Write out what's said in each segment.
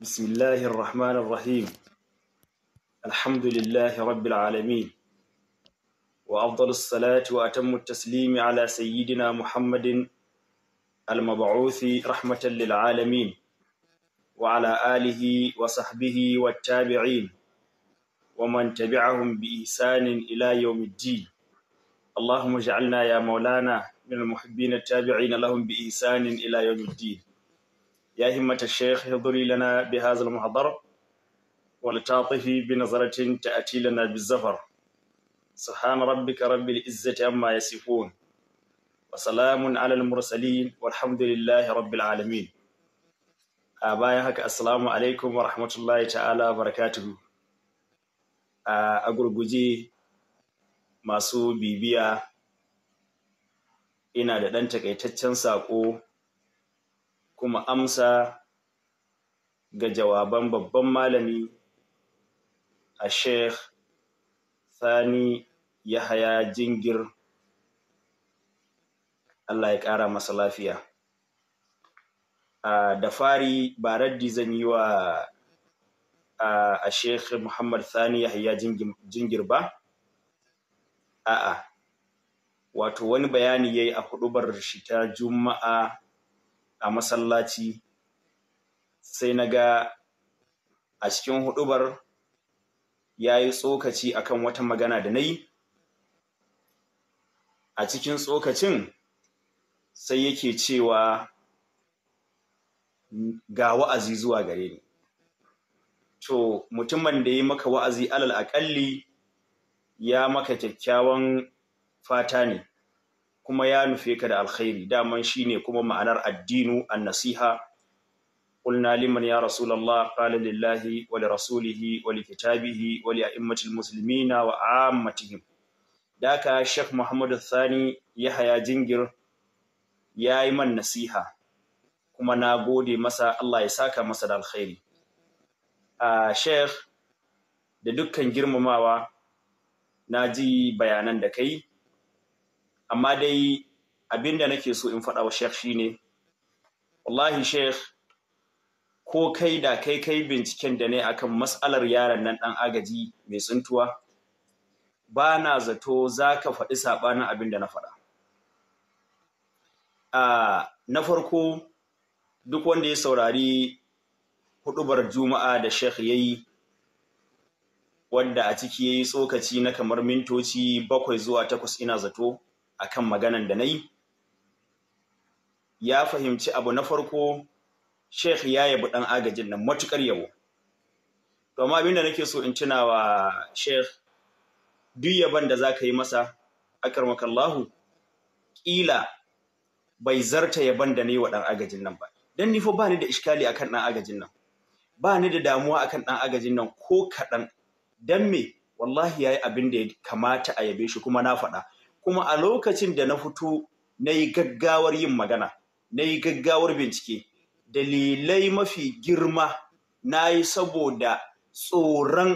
بسم الله الرحمن الرحيم الحمد لله رب العالمين وأفضل الصلاة وأتم التسليم على سيدنا محمد المبعوث رحمة للعالمين وعلى آله وصحبه والتابعين ومن تبعهم بإحسان إلى يوم الدين اللهم اجعلنا يا مولانا من المحبين التابعين لهم بإحسان إلى يوم الدين يا همة الشيخ اهضري لنا بهذا المحضر ولتعطفي بنظرة تأتي لنا بالزفر سبحان ربك رب العزة عما يصفون وسلام على المرسلين والحمد لله رب العالمين أبايا هك السلام عليكم ورحمة الله تعالى وبركاته a gurguje masu bibiya ina da ɗan takaitaccen saƙo kuma amsa ga jawaban babban malami a sheikh sani yahaya jingir allah ya ƙara masa lafiya da fari ba raddi zan yi wa a sheikh muhammad sani yahaya jingir ba a'a wato wani bayani ya yi a hudubar shi ta juma'a a masallaci sai na ga a cikin hudubar ya yi tsokaci akan wata magana da na yi a cikin tsokacin sai yake cewa ga wa'azi zuwa gare ni to mutumin da ya maka wa'azi alal aƙalli ya maka kyakkyawan fata ne kuma ya nufe ka da alkhairi dama shi ne kuma ma'anar addinu an nasiha ƙulna ya rasu lallah ƙalilillahi wali rasulihi wali kitabihi wali a imacin musulmi na wa da ka shek muhammadu sani ya haya jingir ya yi man nasiha kuma na gode masa Allah ya saka masa da alkhairi a Shekh, da dukkan girmamawa na ji bayanan da ka amma dai abin da nake so in faɗa wa shi ne. wallahi shekh ko kai da kai kai binciken da ne akan matsalar yaron nan ɗan agaji mai tsintuwa ba na zato za ka faɗi saɓanin abin da na faɗa na farko duk wanda ya saurari hudubar juma'a da sheikh ya yi wanda a ciki ya yi tsokaci na kamar mintoci bakwai zuwa takwas ina zato akan maganan da na yi ya fahimci abu na farko sheikh ya yabi ɗan agajin nan matuƙar yabo to amma abinda nake so in tuna wa sheikh duk yaban da za ka yi masa akarmakallahu ƙila bai zarta yaban da yi wa ɗan agajin nan ba Don ni ba ni da iskali akan ɗan agajin nan ba ni da damuwa akan ɗan agajin nan ko kaɗan Don me wallahi yayi abin da ya kamata a yabe shi kuma na faɗa kuma a lokacin da na fito na yi gaggawar yin magana na yi gaggawar bincike dalilai mafi girma na yi saboda tsoron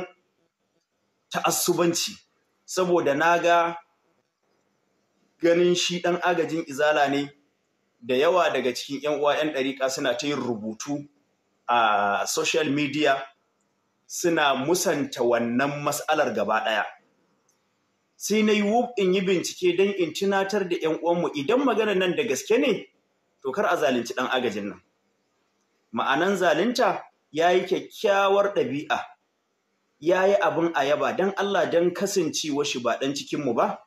ta'assubanci saboda na ga ganin shi ɗan agajin izala ne da yawa daga cikin 'yan uwa 'yan ɗariƙa suna ta yin rubutu a social media suna musanta wannan matsalar gaba ɗaya. sai na yi in yi bincike don in tunatar da ‘yan uwanmu idan maganar nan da gaske ne, to kar a zalunci ɗan agajin nan. Ma'anan zalunta ya yi kyakkyawar ɗabi'a, ya yi abin a yaba don Allah don kasancewa shi ba ɗan cikinmu ba,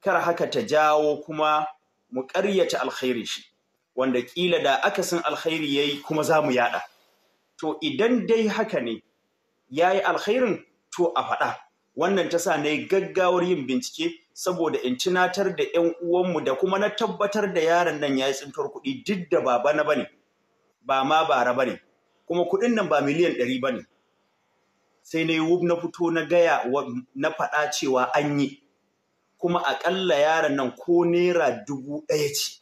kar haka ta jawo kuma mu karyata alkhairi shi, wanda ƙila da akasin alkhairi ya yi kuma za mu yaɗa. To idan dai haka ne, ya yi alkhairin to a faɗa. wannan ta sa na yi gaggawar yin bincike saboda in tunatar da 'yan uwanmu da kuma na tabbatar da yaron nan ya yi tsintuwar kuɗi duk da ba bana ba ne ba ma bara ba ne kuma kuɗin nan ba miliyan ɗari ba ne sai na yi na fito na gaya na faɗa cewa an yi kuma aƙalla yaron nan ko naira dubu ɗaya ce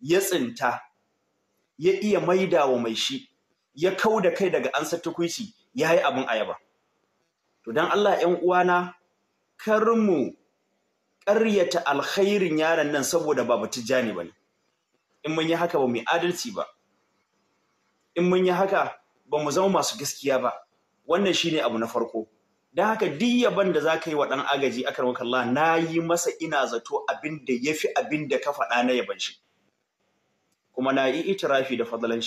ya tsinta ya iya maida wa mai shi ya kau da kai daga ansa tukuici ya yi abin ayaba. to dan Allah 'yan uwana kar mu karyata alkhairin yaron nan saboda ba ba ne in mun yi haka ba mu adalci ba in mun yi haka ba mu zama masu gaskiya ba wannan shi ne abu na farko Don haka duk yaban da ka yi wa ɗan agaji akramaka Allah na yi masa ina zato abin da ya fi abin da ka faɗa na yaban shi kuma na yi itirafi da fadlan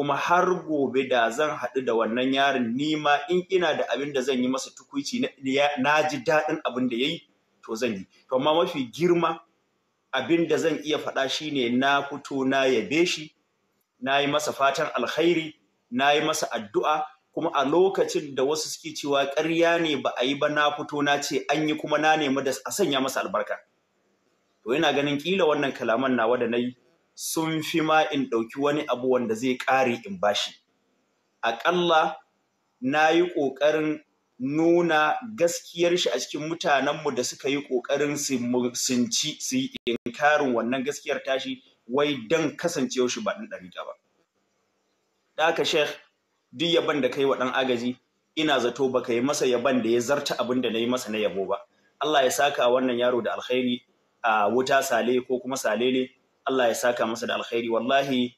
kuma har gobe da zan haɗu da wannan yarin nima in ina da abin da zan yi masa tukuici na ji daɗin abin da ya yi to zan yi to amma mafi girma abin da zan iya faɗa shi ne na fito na yabe shi na yi masa fatan alkhairi na yi masa addu'a kuma a lokacin da wasu suke cewa ƙarya ne ba a yi ba na fito na ce an yi kuma na nemi da a sanya masa albarka to yana ganin kila wannan kalaman nawa da na yi sun fi ma in ɗauki wani abu wanda zai ƙare in bashi. Aƙalla na yi ƙoƙarin nuna gaskiyar shi a cikin mutanenmu da suka yi ƙoƙarin sinci su yi inkarin wannan gaskiyar tashi wai don kasancewar shi ba ɗan ɗari ba. Ɗaka Sheikh duk yaban da kai wa ɗan agaji ina zato baka yi masa yaban da ya zarta abin da na yi masa na yabo ba. Allah ya saka wannan yaro da alkhairi a wuta sale ko kuma salele Allah ya saka masa da alkhairi wallahi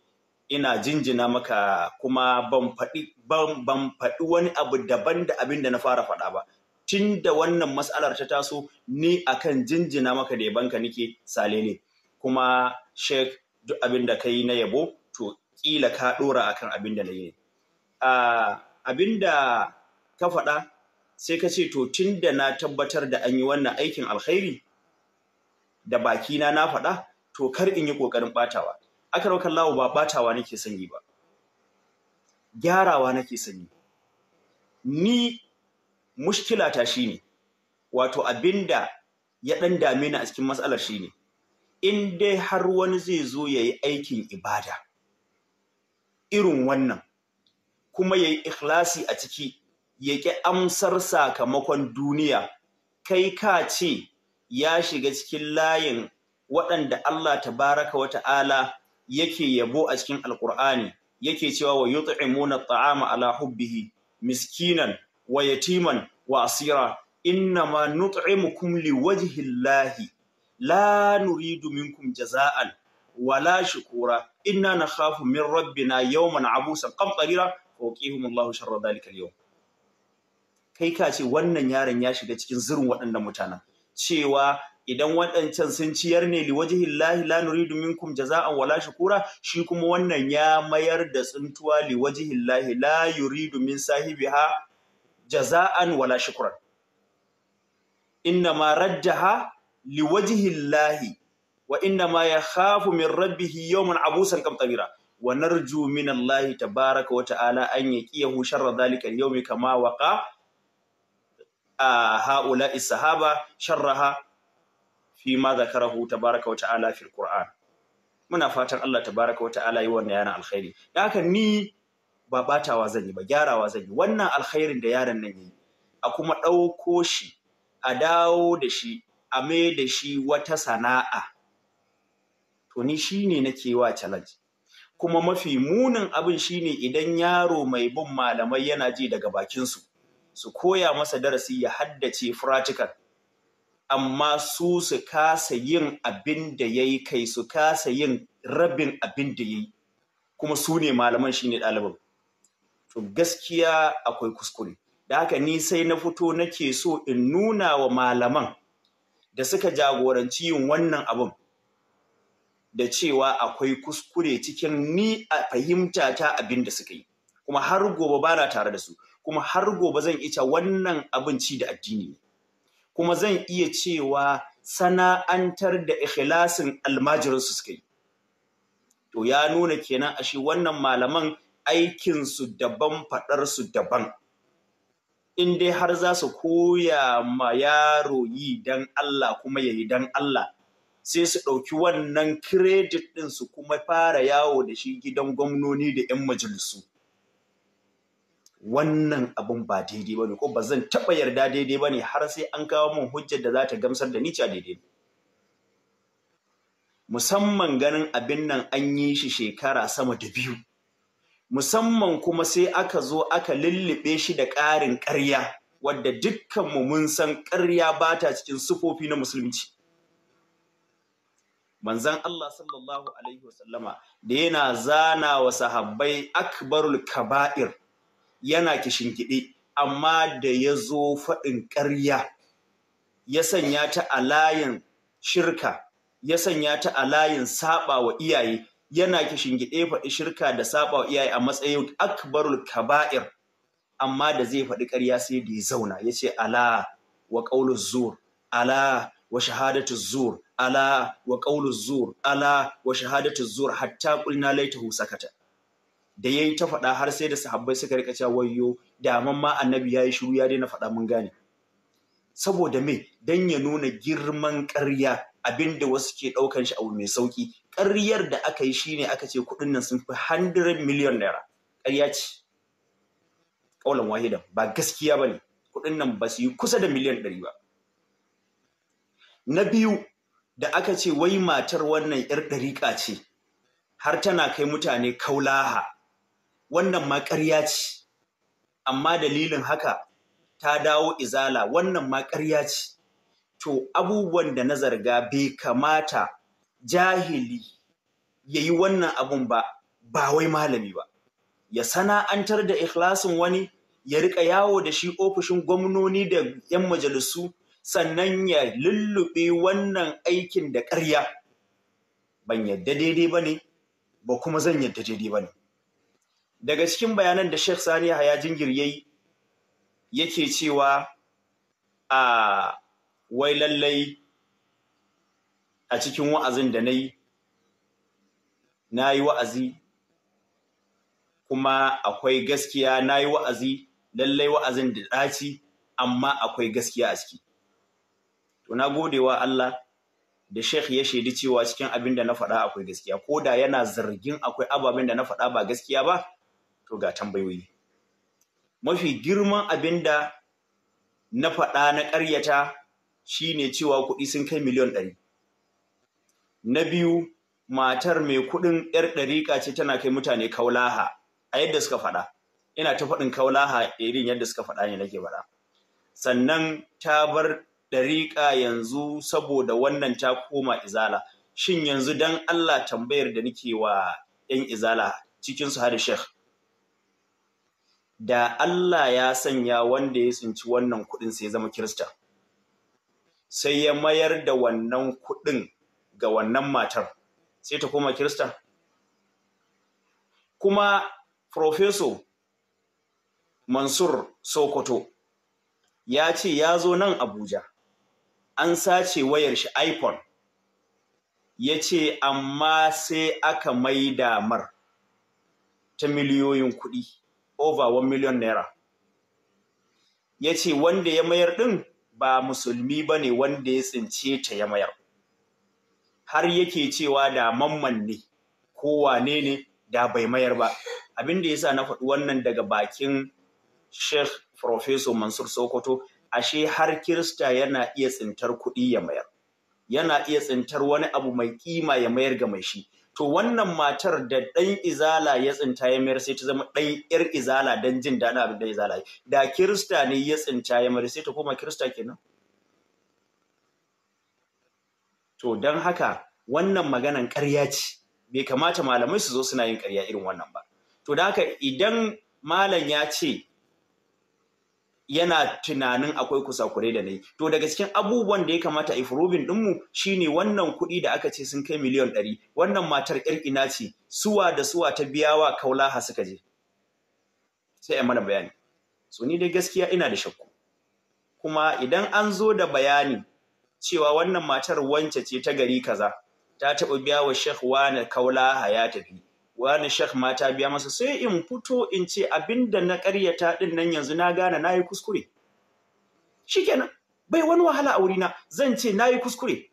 ina jinjina maka kuma ban faɗi ban faɗi wani abu daban da abin da na fara faɗa ba tun da wannan mas'alar ta taso ni akan jinjina maka da yabanka nake salele kuma sheikh duk abin da kai na yabo to kila ka dora akan abin da na yi abin da ka faɗa sai ka ce to tun da na tabbatar da an yi wannan aikin alkhairi da bakina na faɗa to kar in yi ƙoƙarin batawa aka raukar lawo ba batawa nake sanyi ba gyarawa nake sanyi ni mushkila ta shine wato abinda ya dan dame ni a cikin matsalar shine in dai har wani zai zo yayi aikin ibada irin wannan kuma yayi ikhlasi a ciki ya ƙi amsar sakamakon duniya kai ka ce ya shiga cikin layin waɗanda Allah tabaraka wa ta'ala yake yabo a cikin alkur'ani yake cewa wa yut'imuna at'ama ala hubbihi miskinan wa yatiman wa asira innama nut'imukum liwajhi llahi la nuridu minkum jaza'an wala shukura inna nakhafu min rabbina yawman abusan qamtarira waqihum Allahu sharra dhalika al-yawm kai ka ce wannan yaron ya shiga cikin zirin waɗannan mutanen cewa idan waɗancan sun ciyar ne lahi! la nuridu minkum jaza'an wala shukura shi kuma wannan ya mayar da tsuntuwa lahi! la yuridu min sahibiha jaza'an wala shukran inna ma rajjaha liwajihillahi wa inna ma yakhafu min rabbihi yawman abusan qamtabira wa narju min Allah tabaaraka wa ta'ala an yaqiyahu sharra dhalika al-yawmi kama waqa ha'ula is-sahaba sharraha fi ma zakarahu tabaraka wa ta'ala fil qur'an muna fatan Allah tabaraka wa ta'ala yi wannan yana alkhairi dan haka ni ba batawa zan yi ba gyarawa zan yi wannan alkhairin da yaron nan yi a kuma ɗauko shi a dawo da shi a mai da shi wata sana'a to ni shine nake wa challenge kuma mafi munin abin shine idan yaro mai bin malamai yana ji daga bakinsu su koya masa darasi ya haddace practical amma su su kasa yin abin da ya yi kai su kasa yin rabin abin da ya yi kuma su ne malaman shi ne ɗaliban to gaskiya akwai kuskure da haka ni sai na fito nake so in nuna wa malaman da suka jagoranci yin wannan abin da cewa akwai kuskure cikin ni a fahimta ta abin da suka yi kuma har gobe ba na tare da su kuma har gobe zan ita wannan abinci da addini ne kuma zan iya cewa sana'antar da ikhlasin almajirinsu suka yi to ya nuna kenan ashe wannan malaman aikinsu daban faɗarsu daban in dai har za su koya ma yaro yi don Allah kuma ya yi don Allah sai su ɗauki wannan kiredit ɗin su kuma fara yawo da shi gidan gwamnoni da 'yan majalisu wannan abun ba daidai ba ne, ko ba zan taɓa yarda daidai ba ne har sai an kawo min hujjar da za ta gamsar da ni cewa daidai ne musamman ganin abin nan an yi shi shekara sama da biyu musamman kuma sai aka zo aka lullube shi da ƙarin ƙarya wadda dukkan mu mun san ƙarya ba ta cikin sufofi na musulunci manzon Allah sallallahu alaihi wasallama da yana zana wa sahabbai akbarul kaba'ir yana kishinkiɗe amma da ya zo faɗin ƙarya ya sanya ta a layin shirka ya sanya ta a layin saɓawa wa iyaye yana kishingiɗe faɗi shirka da saɓawa wa iyaye a matsayin akbarul kaba'ir amma da zai faɗi ƙarya sai da ya zauna ya ce ala wa ƙaulu zur ala wa shahadatu zur ala wa ƙaulu zur ala wa shahadatu zur hatta ƙulna laitahu sakata da ya yi ta faɗa har sai da sahabbai suka rika cewa wayo da ma annabi ya yi shiru ya daina faɗa mun gane saboda me dan ya nuna girman ƙarya abinda wasu ke ɗaukan shi abu mai sauki ƙaryar da aka yi shine aka ce kuɗin nan sun fi 100 miliyan naira ƙarya ce ƙaulan wahida ba gaskiya bane kuɗin nan ba su yi kusa da miliyan ɗari ba na biyu da aka ce wai matar wannan 'yar ɗariƙa ce har tana kai mutane kaulaha wannan ma ƙarya ce amma dalilin haka ta dawo izala wannan ma ƙarya ce to abubuwan da na zarga bai kamata jahili ya yi wannan abun ba ba wai malami ba ya sana'antar da ikhlasin wani ya riƙa yawo da shi ofishin gwamnoni da 'yan majalisu sannan ya lullube wannan aikin da ƙarya ban yadda daidai ba ne ba kuma zan yadda daidai ba ne daga cikin bayanan da Sheikh Sani Haya Jingir yayi yake cewa a wai lallai a cikin wa'azin da nayi nayi wa'azi kuma akwai gaskiya nayi wa'azi lallai wa'azin da ɗaci amma akwai gaskiya a ciki to na gode wa Allah da Sheikh ya shaidi cewa cikin abin da na faɗa akwai gaskiya ko da yana zargin akwai ababen da na faɗa ba gaskiya ba to ga tambayoyi mafi girman abin da na faɗa na ƙaryata shine cewa kuɗi sun kai miliyan ɗari na biyu matar mai kuɗin 'yar ɗariƙa ce tana kai mutane kaulaha a yadda suka faɗa ina ta faɗin kaulaha irin yadda suka faɗa ne nake faɗa sannan ta bar ɗariƙa yanzu saboda wannan ta koma izala shin yanzu don Allah tambayar da nake wa 'yan izala cikinsu su har sheikh da Allah ya sanya wanda ya tsinci wannan kuɗin sai ya zama Kirista. Sai ya mayar da wannan kuɗin ga wannan matar, sai ta koma Kirista. Kuma Profeso Mansur Sokoto ya ce ya zo nan Abuja, an sace wayar shi iPhone, ya ce amma sai aka mai damar ta miliyoyin kuɗi. over 1 million naira ya ce wanda ya mayar ɗin ba musulmi ba ne wanda ya tsince ta ya mayar har yake cewa da mamman ne ko wane ne da bai mayar ba abin da ya sa na faɗi wannan daga bakin Sheikh Professor Mansur Sokoto ashe har Kirista yana iya tsintar kuɗi ya mayar yana iya tsintar wani abu mai kima ya mayar ga mai shi to wannan matar da ɗan izala ya tsinta ya mayar sai ta zama ɗan ƴar izala don jin daɗin abin da izala yi da kirista ne ya tsinta ya mayar sai ta koma kirista kenan to don haka wannan maganan ƙarya ce bai kamata malamai su zo suna yin ƙarya irin wannan ba to da haka idan malam ya ce yana tunanin akwai kusa-kure da nayi to daga cikin abubuwan da ya kamata ɗin dinmu shine wannan kuɗi da aka ce sun kai miliyan ɗari wannan matar ƴar ina ce suwa da suwa ta biya wa kaulaha suka je sai a mana bayani so ni dai gaskiya ina da shakku kuma idan an zo da bayani cewa wannan matar wance ce ta gari kaza ta taɓa biya wa Sheikh Wani kaulaha ya tafi wani shek mata biya masa sai in fito in ce abinda na karyata din nan yanzu na gane na yi kuskure shikenan bai wani wahala a wurina zan ce na yi kuskure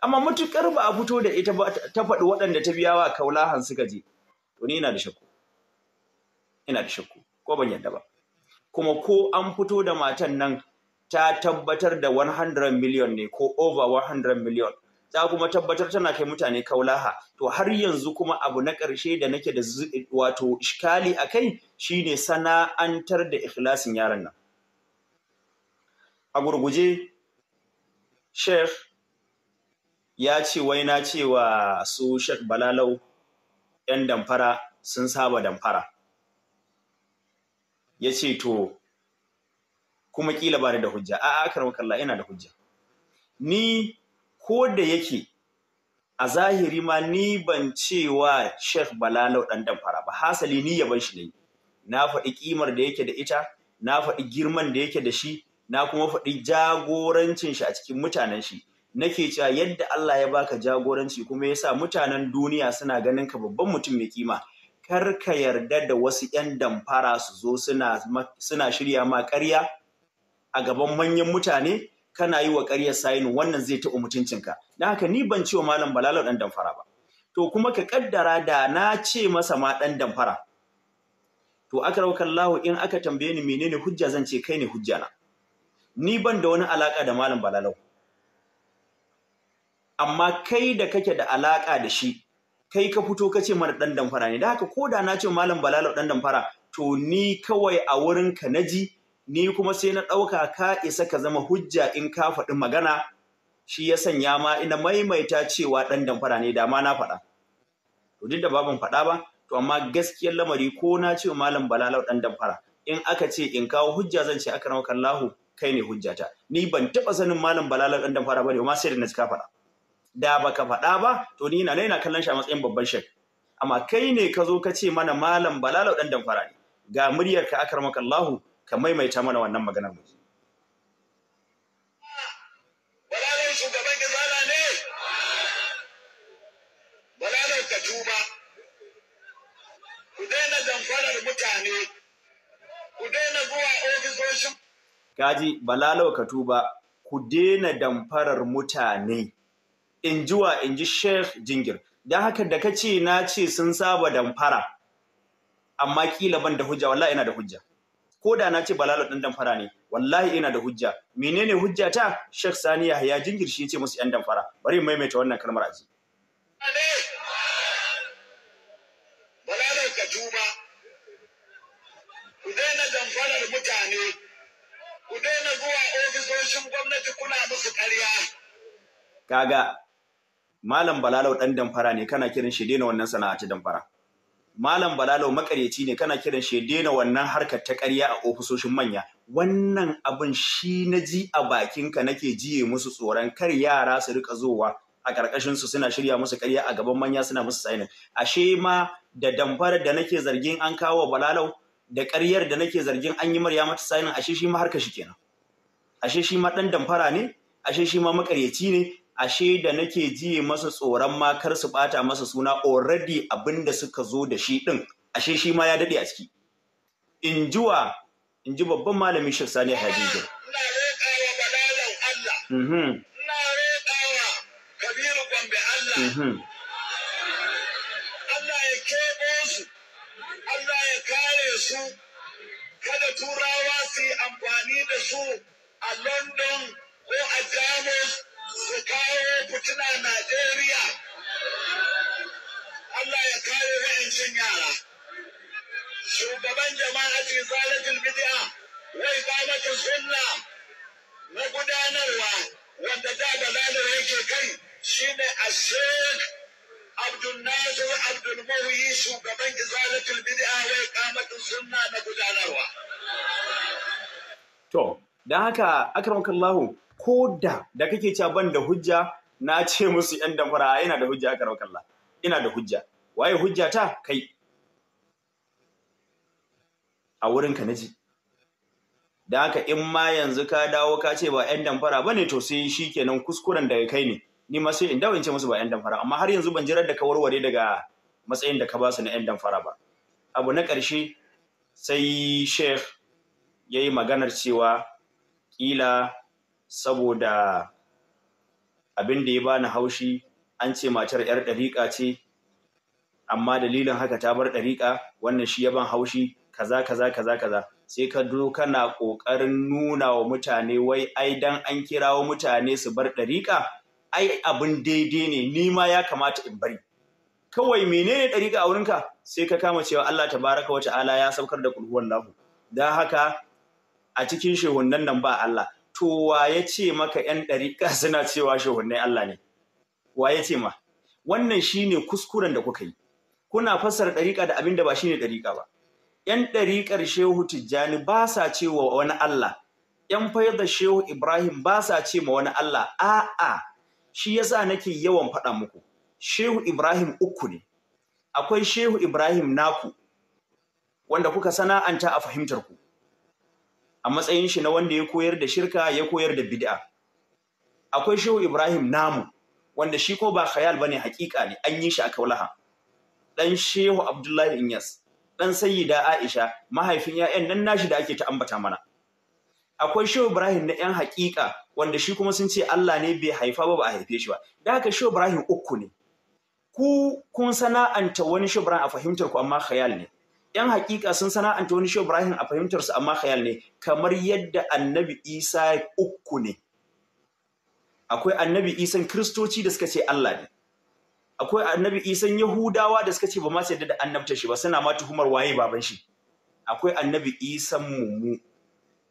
amma matukar ba a fito da ita ta faɗi waɗanda ta biya wa kaulahan suka je to ina da shakku ina da shakku ko ban yadda ba kuma ko an fito da matan nan ta tabbatar da 100 million ne ko over 100 million za kuma tabbatar tana kai mutane kaulaha to har yanzu kuma abu na ƙarshe da nake da wato ishkali a kai shine sana'antar da ikhlasin yaran nan a gurguje sheikh ya ce wai na cewa su sheikh balalau yan damfara sun saba damfara ya ce to kuma kila ba da hujja a'a karmakalla ina da hujja ni ko da yake a zahiri ma ni ban cewa Sheikh Balalau dan damfara ba hasali ni yaban shi ne na faɗi kimar da yake da ita na faɗi girman da yake da shi na kuma faɗi jagorancin shi a cikin mutanen shi nake cewa yadda Allah ya baka jagoranci kuma ya sa mutanen duniya suna ganin ka babban mutum mai kima kar ka yarda da wasu 'yan damfara su zo suna shirya ma ƙarya a gaban manyan mutane kana yi wa ƙaryar sayinu wannan zai taɓa mutuncinka don haka ni ban wa malam balalau ɗan damfara ba to kuma ka ƙaddara da na ce masa ma ɗan damfara to akramakallahu in aka tambaye ni menene hujja zan ce kai ne hujja na ni ban da wani alaƙa da malam balalau amma kai da kake da alaƙa da shi kai ka fito ka ce mana ɗan damfara ne da haka ko da na ce malam balalau ɗan damfara to ni kawai a wurin ka ji. ni kuma sai na ɗauka ka isa ka zama hujja in ka faɗi magana shi ya sanya ma ina maimaita cewa ɗan damfara ne da ma na faɗa to duk da baban faɗa ba to amma gaskiyar lamari ko na ce malam balalau ɗan damfara in aka ce in kawo hujja zan ce aka ramaka lahu kai ne hujjata ni ban taɓa sanin malam balalau ɗan damfara ba ne ma sai da na ka faɗa da ba ka faɗa ba to ni na naina kallon shi a matsayin babban shek amma kai ne ka zo ka ce mana malam balalau ɗan damfara ne ga muryarka aka ramaka lahu ka maimaita mana wannan maganar mu Balalin shugaban Izala ne Balalin ka tuba ku daina zamfarar mutane ku daina zuwa ofisoshin Gaji, Balalo ka tuba ku daina damfarar mutane in ji wa in ji Sheikh Jingir dan haka da ka ce na ce sun saba damfara amma kila ban da hujja wallahi ina da hujja ko da na ce balalo ɗan damfara ne wallahi ina da hujja menene hujja ta Sani Yahya jingir shi ce musu yan damfara bari maimaita wannan kalmar aji balalo ka ku daina damfarar mutane ku daina zuwa ofisoshin gwamnati kuna musu ƙarya kaga malam balalau ɗan damfara ne kana kirin shi daina wannan sana'a ta damfara malam balalau makaryaci ne kana kiran shi daina wannan harkar ta ƙarya a ofisoshin manya wannan abin shi na ji a bakinka nake jiye musu tsoron kar yara su rika zowa a ƙarƙashin su suna shirya musu ƙarya a gaban manya suna musu sainin ashe ma da damfarar da nake zargin an kawo balalau da ƙaryar da nake zargin an yi marya mata sainin ashe shi ma harka shi kenan ashe shi ma ɗan damfara ne ashe shi ma makaryaci ne ashe da nake ji masa tsoron makar su bata masa suna already abinda suka zo da shi din ashe shi ma ya dade a ciki in jiwa in ji babban malamin Sheikh Sani Hadijin mhm Kabiru mhm. Allah ya kebo su Allah ya kare su kada turawa su yi amfani da su a London ko a Jamus su kawo fitina Najeriya. Allah ya kawo wa'ancin yara. Shugaban jama'a ce zalatul bid'a wai zalatul sunna na gudanarwa wanda da balalar yake kai shine Ashek Abdul Nasir Abdul shugaban izalatul bid'a wai kamatul sunna na gudanarwa. To, don haka akramakallahu ko da da kake cewa ban da hujja na ce musu yan damfara ina da hujja aka la ina da hujja waye hujja ta kai a wurin ka naji da haka in ma yanzu ka dawo ka ce ba yan damfara bane to sai shikenan kuskuren daga kai ne ni ma sai in dawo in ce musu ba yan damfara amma har yanzu ban jirar da ka warware daga matsayin da ka ba su na yan damfara ba abu na ƙarshe sai sheikh ya yi maganar cewa ƙila saboda abin da ya bani haushi an ce matar 'yar ɗariƙa ce amma dalilin haka ta bar ɗariƙa wannan shi ya ban haushi kaza kaza kaza kaza sai ka zo kana ƙoƙarin nuna wa mutane wai ai dan an kirawo mutane su bar ɗariƙa ai abin daidai ne ni ma ya kamata in bari kawai menene ɗariƙa a wurinka sai ka kama cewa Allah baraka wa ta'ala ya saukar da kulhuwan lahu don haka a cikin shehunnan nan ba Allah to wa ya ce maka ‘yan ɗariƙa suna cewa shehunai Allah ne? Wa ya ce ma, wannan shi ne kuskuren da kuka yi, kuna fassara ɗariƙa da abin da ba shi ne ɗariƙa ba. ‘Yan ɗariƙar Shehu Tijjani ba sa ce wa wani Allah, ‘yan fayar da Shehu Ibrahim ba sa ce ma wani Allah, a'a, shi ya sa nake yawan faɗa muku. Shehu Ibrahim uku ne, akwai Shehu Ibrahim naku, wanda kuka sana'anta a fahimtar ku. a matsayin shi na wanda ya koyar da shirka ya koyar da bid'a akwai shehu ibrahim namu wanda shi ko ba khayal bane hakika ne an yi shi a kaulaha dan shehu abdullahi inyas dan sayyida aisha mahaifin ya'yan nan nashi da ake ta ambata mana akwai shehu ibrahim na yan hakika wanda shi kuma sun ce Allah ne bai haifa ba ba a haife shi ba da haka shehu ibrahim uku ne ku kun sana'anta wani shehu ibrahim a fahimtar ku amma khayal ne 'yan hakika sun sana'anta wani shi Ibrahim a fahimtar fahimtarsu amma khayal ne kamar yadda annabi Isa uku ne akwai annabi Isan kristoci da suka ce Allah ne akwai annabi Isan Yahudawa da suka ce ba ma su yadda da annabta shi ba suna ma tuhumar waye baban shi akwai annabi Isan mumu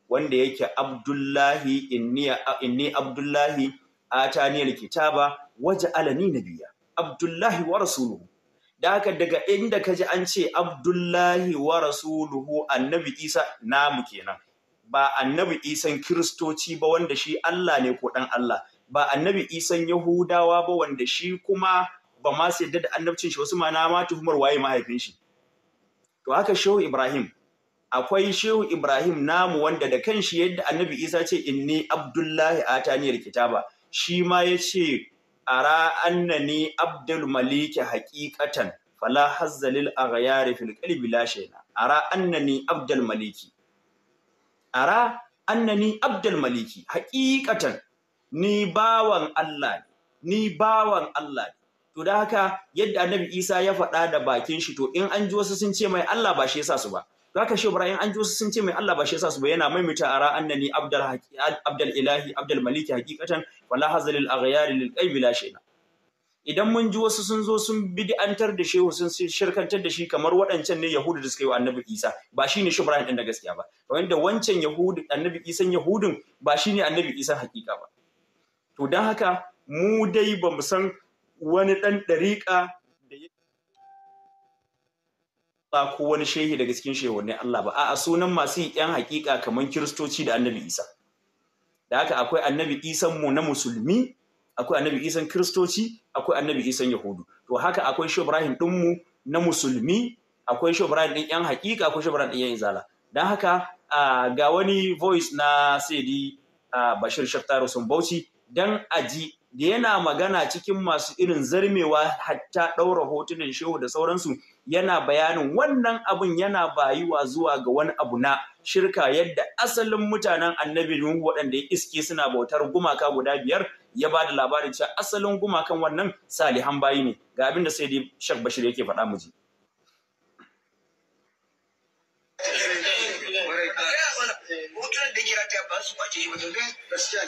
wanda yake Abdullahi inni inni Abdullahi ataniyal kitaba waja'alani nabiyya Abdullahi wa rasuluhu da haka daga inda kaji an ce abdullahi wa rasuluhu annabi isa namu kenan ba annabi isan kiristoci ba wanda shi Allah ne ko dan Allah ba annabi isan yahudawa ba wanda shi kuma ba ma su yadda da annabcin shi wasu ma na ma tuhumar waye mahaifin shi to haka shehu ibrahim akwai shehu ibrahim namu wanda da kanshi yadda annabi isa ce inni abdullahi ataniyar kitaba shi ma ya ce ara annani abdul maliki haqiqatan fala hazza lil aghyari fil qalbi la shayna ara annani abdul maliki ara annani abdul maliki haqiqatan ni bawan Allah ni bawan Allah to da haka yadda annabi Isa ya faɗa da bakin shi to in an ji wasu sun ce mai Allah ba shi yasa su ba to haka shi Ibrahim an ji wasu sun ce mai Allah ba shi yasa su ba yana maimaita ara annani abdul abdul ilahi abdul maliki haqiqatan wala hazalil aghyar lil qalbi la shayna idan mun ji wasu sun zo sun bid'antar da shehu sun shirkantar da shi kamar waɗancan ne yahudu da suka yi wa annabi isa ba shi ne shubran ɗin da gaskiya ba wanda wancan yahudu annabi isan yahudun ba shi ne annabi isa hakika ba to dan haka mu dai ba mu san wani ɗan ɗariƙa da ya ko wani shehi daga cikin shehu ne Allah ba a'a sunan masu yan ƴan hakika kamar kiristoci da annabi isa da haka akwai annabi isan mu na musulmi akwai annabi isan kiristoci akwai annabi isan yahudu to haka akwai shi ibrahim din mu na musulmi akwai shi ibrahim din yan hakika akwai shi ibrahim din yan izala dan haka ga wani voice na sayyidi bashir shaftaru sun bauchi dan aji da yana magana cikin masu irin zarmewa hatta ɗaura hotunan shehu da sauransu yana bayanin wannan abun yana bayuwa zuwa ga wani abu na shirka yadda asalin mutanen annabi Nuhu waɗanda ya iske suna bautar gumaka guda biyar ya ba da labarin cewa asalin gumakan wannan salihan bayi ne ga abin da sai dai shak Bashir yake faɗa mu ji. hotunan da yake rataya ba su kwace shi ba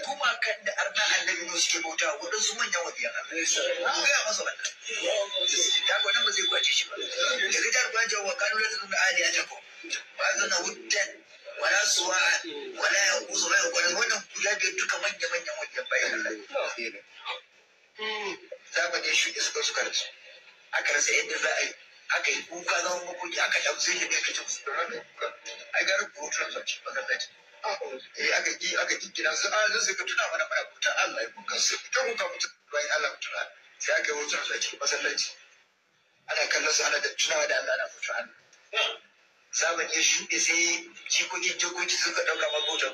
Kuma kan da arna annabi ne suke bauta waɗin su manyan wadiya an gaya masa wannan ta nan ba zai kwace shi ba da gidan kwace wa kanu da tsanin da ali a tako ba zana huddan wala suwa'a wala ya kuzo ya kwanin wannan guda biyar duka manya-manyan wadiyan bayan Allah za ba ne shuɗe suka suka rasu aka rasa yadda za a yi aka yi kuka zama makoki aka ɗauke da ɗaya ka ce kusa da ranar kuka ai gara ku transaction masallaci eh aka ki aka ki kira su a ah, zai ka tuna mana mana mutan Allah ya kuka su ta kuka mutu. bayan Allah mutuna sai aka yi wutar su a cikin masallaci ana kallon su ana da tunawa da Allah na mutu Allah zaman ya shuɗe sai jikoki jikoki sun ka ɗauka ma bautar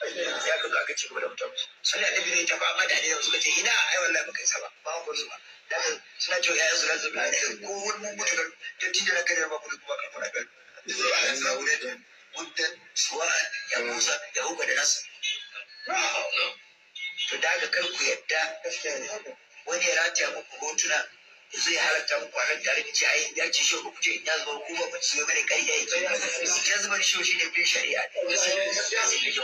musa sai aka zo aka ce da mutu. suna da biyu ta fama da yanzu ka ce ina ai wallahi yi sa ba ba ku zuwa dan suna cewa yayin su lazu ko wani mutu da tijira kada ba ku zuwa kan fara ga zuwa yanzu na wurin Buddha, Suwara, ya Musa, ya Uba da Nasa. To da ga kanku ku yadda wani ya rataya muku hotuna zai halatta muku a nan tare da ce ai ya ce shi ku ce ya zuba ku ba ci yau bane ƙarya yake ya zuba shi shi ne bin shari'a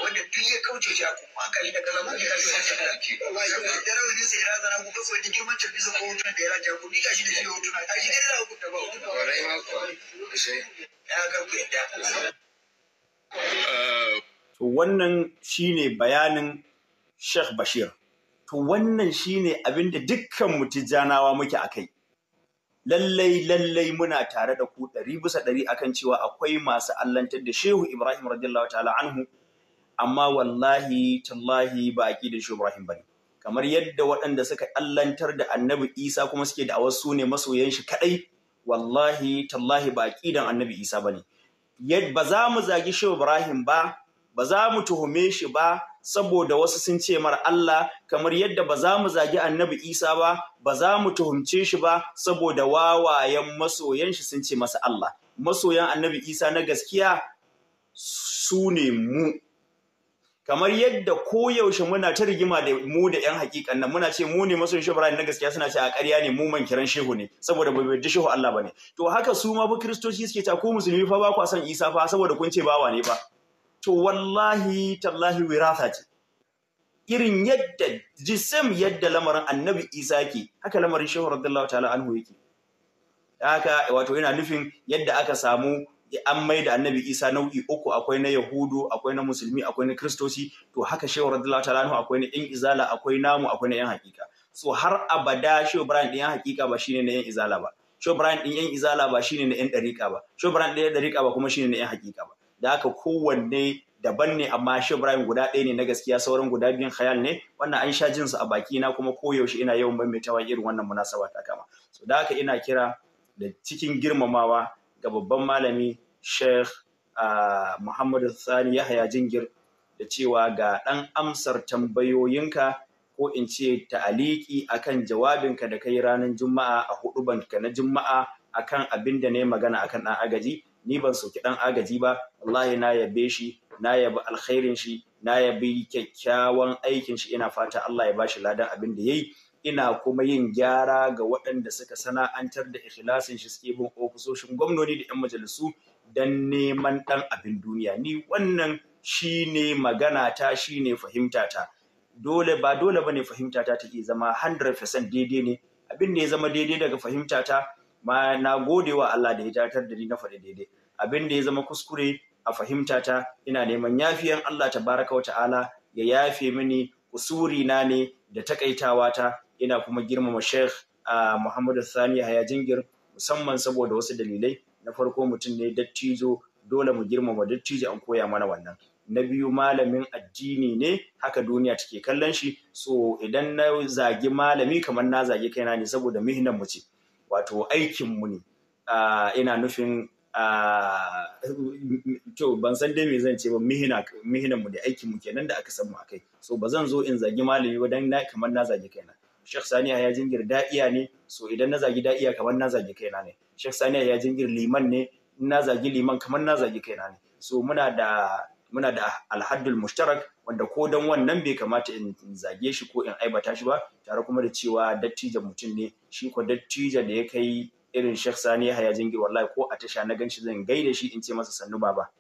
wanda duk ya kauce shi a kuma an kashi da kaza ma ya kashi ya kaza da rauni sai ya zana ku kaso da girman can bisa ko hotuna da ya rataya ku ni kashi da shi hotuna a shi ne da hotuna ba hotuna. ya kar ku yadda. To wannan shi ne bayanin Sheikh Bashir. To wannan shine abin da dukkan mutijanawa muke a kai. Lallai lallai muna tare da ku ɗari bisa ɗari a kan cewa akwai masu allantar da Shehu Ibrahim radiyallahu ta'ala anhu amma wallahi tallahi ba a da Shehu Ibrahim ba Kamar yadda waɗanda suka allantar da Annabi Isa kuma suke da a wasu ne masoyan shi kaɗai wallahi tallahi ba a annabi isa ba ne ba za mu zagi shi Ibrahim ba ba za mu tuhume shi ba saboda wasu sun ce mar Allah kamar yadda ba za mu zagi Annabi Isa ba ba za mu tuhumce shi ba saboda wawayen masoyan shi sun ce masa Allah masoyan Annabi Isa na gaskiya su ne mu kamar yadda koyaushe muna ta rigima da mu da yan hakikan nan muna ce mu ne masoyin shehu Ibrahim na gaskiya suna ce a ƙarya ne mu man kiran shehu ne saboda bai bi shehu Allah bane to haka su ma bu kristoci suke ta ko musulmi fa ba ku san Isa fa saboda kun ce bawa ne ba to wallahi tallahi wiratha ce irin yadda jisam yadda lamarin annabi Isa ke haka lamarin shehu radiyallahu ta'ala anhu yake haka wato yana nufin yadda aka samu an mai da annabi isa nau'i uku akwai na yahudu akwai na musulmi akwai na kristoci to haka shehu radiyallahu ta'ala akwai na yan izala akwai namu akwai na yan hakika so har abada shehu ibrahim din yan hakika ba shine na yan izala ba shehu ibrahim din yan izala ba shine na yan dariqa ba shehu ibrahim din yan dariqa ba kuma shine na yan hakika ba da haka kowanne daban ne amma shehu ibrahim guda ɗaya ne na gaskiya sauran guda biyun khayal ne wannan an sha jin su a baki na kuma koyaushe ina yawan mai tawa irin wannan munasaba ta kama so da haka ina kira da cikin girmamawa ga babban malami sheikh muhammadu sani yahaya jingir da cewa ga ɗan amsar tambayoyinka ko in ce ta'aliki akan jawabinka da kai ranar juma'a a hudu banka na juma'a akan abin da ne magana akan ɗan agaji ni ban soki ɗan agaji ba wallahi na yabe shi na yabi alkhairin shi na yabi kyakkyawan aikin shi ina fata Allah ya bashi ladan abin da ya yi. ina kuma yin gyara ga waɗanda suka sana'antar da ikhlasin shi suke bin ofisoshin gwamnoni da 'yan majalisu don neman ɗan abin duniya ni wannan ne magana ta shi ne fahimta ta dole ba dole ne fahimta ta take zama 100% daidai ne abin da ya zama daidai daga fahimta ta ma na gode wa Allah da ya tatar da ni na faɗi daidai abin da ya zama kuskure a fahimta ta ina neman yafiyan Allah baraka wa ta'ala ya yafe mini kusuri na ne da takaitawa ta ina kuma girmama sheikh muhammadu sani yahaya jingir musamman saboda wasu dalilai na farko mutum ne dattijo dole mu girmama dattijo an koya mana wannan na biyu malamin addini ne haka duniya take kallon shi so idan na zagi malami kamar na zagi kaina ne saboda mihinan mu ce wato aikin mu ne ina nufin to ban san dai me zan ce ba mihina mu da aikin mu kenan da aka samu akai so ba zan zo in zagi malami ba dan na kamar na zagi kaina Sheikh Saniya ya jingir da'iya ne so idan na zagi da'iya kamar na zagi kaina ne Sheikh Saniya ya jingir liman ne na zagi liman kamar na zagi kaina ne so muna da muna da alhaddul mushtarak wanda ko dan wannan bai kamata in zage shi ko in aibata shi ba tare kuma da cewa dattijan mutum ne shi ko dattijan da ya kai irin Sheikh Sani ya Jingir wallahi ko a tasha na gan shi zan gaida shi in ce masa sannu baba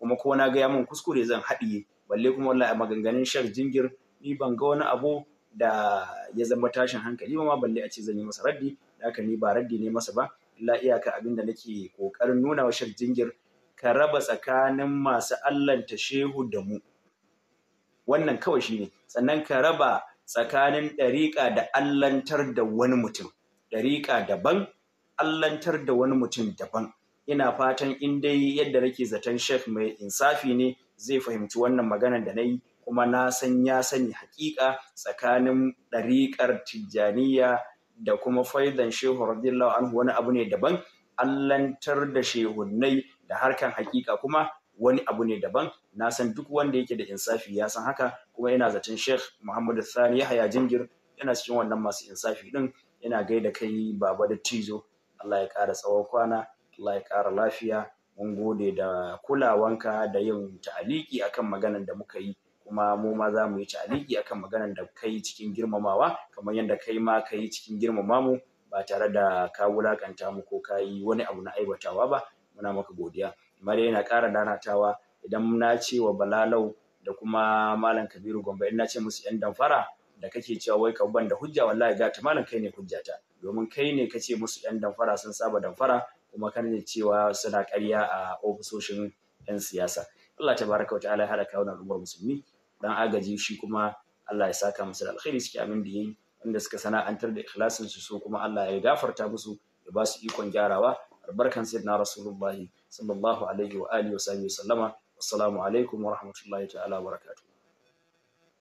kuma ko na gaya min kuskure zan haɗiye balle kuma wallahi a maganganun Sheikh Jingir ni ban ga wani abu da ya zama tashin hankali ba ma balle a ce zan yi masa raddi da aka ni ba raddi ne masa ba illa iyaka abin da nake kokarin nuna wa shek jingir ka raba tsakanin masu allanta shehu da mu wannan kawai shine sannan ka raba tsakanin ɗariƙa da allantar da wani mutum ɗariƙa daban allantar da wani mutum daban ina fatan in dai yadda nake zaton shek mai insafi ne zai fahimci wannan maganar da na yi kuma na san ya sani hakika tsakanin ɗariƙar tijjaniya da kuma faidan shehu radiyallahu anhu wani abu ne daban allantar da shehunnai da harkan hakika kuma wani abu ne daban na san duk wanda yake da insafi ya san haka kuma ina zaton sheikh muhammadu sani yahaya jingir yana cikin wannan masu insafi din yana gaida kai baba da tizo allah ya ƙara tsawon kwana allah ya ƙara lafiya mun gode da kulawanka da yin ta'aliki akan maganan da muka yi kuma mu ma za mu yi caliki akan maganar da kai cikin girmamawa kamar yadda kai ma ka yi cikin girmama mu ba tare da ka wulakanta mu ko ka yi wani abu na aibatawa ba muna maka godiya kamar yana ƙara nanatawa idan na ce wa balalau da kuma malam kabiru gombe in na ce musu yan damfara da kake cewa wai ka ban da hujja wallahi gata malam kai ne hujjata domin kai ne ka ce musu yan damfara sun saba damfara kuma kan ne cewa suna karya a ofisoshin yan siyasa Allah Ta baraka wa ta'ala ya haɗa kawo al'ummar musulmi dan agaji shi kuma Allah ya saka musu da alkhairi suke amin da yi wanda suka sana'antar da ikhlasin su so kuma Allah ya gafarta musu ya ba su ikon gyarawa albarkan sayyidina rasulullahi sallallahu alaihi wa alihi wa sallama assalamu alaikum wa rahmatullahi ta'ala wa barakatuh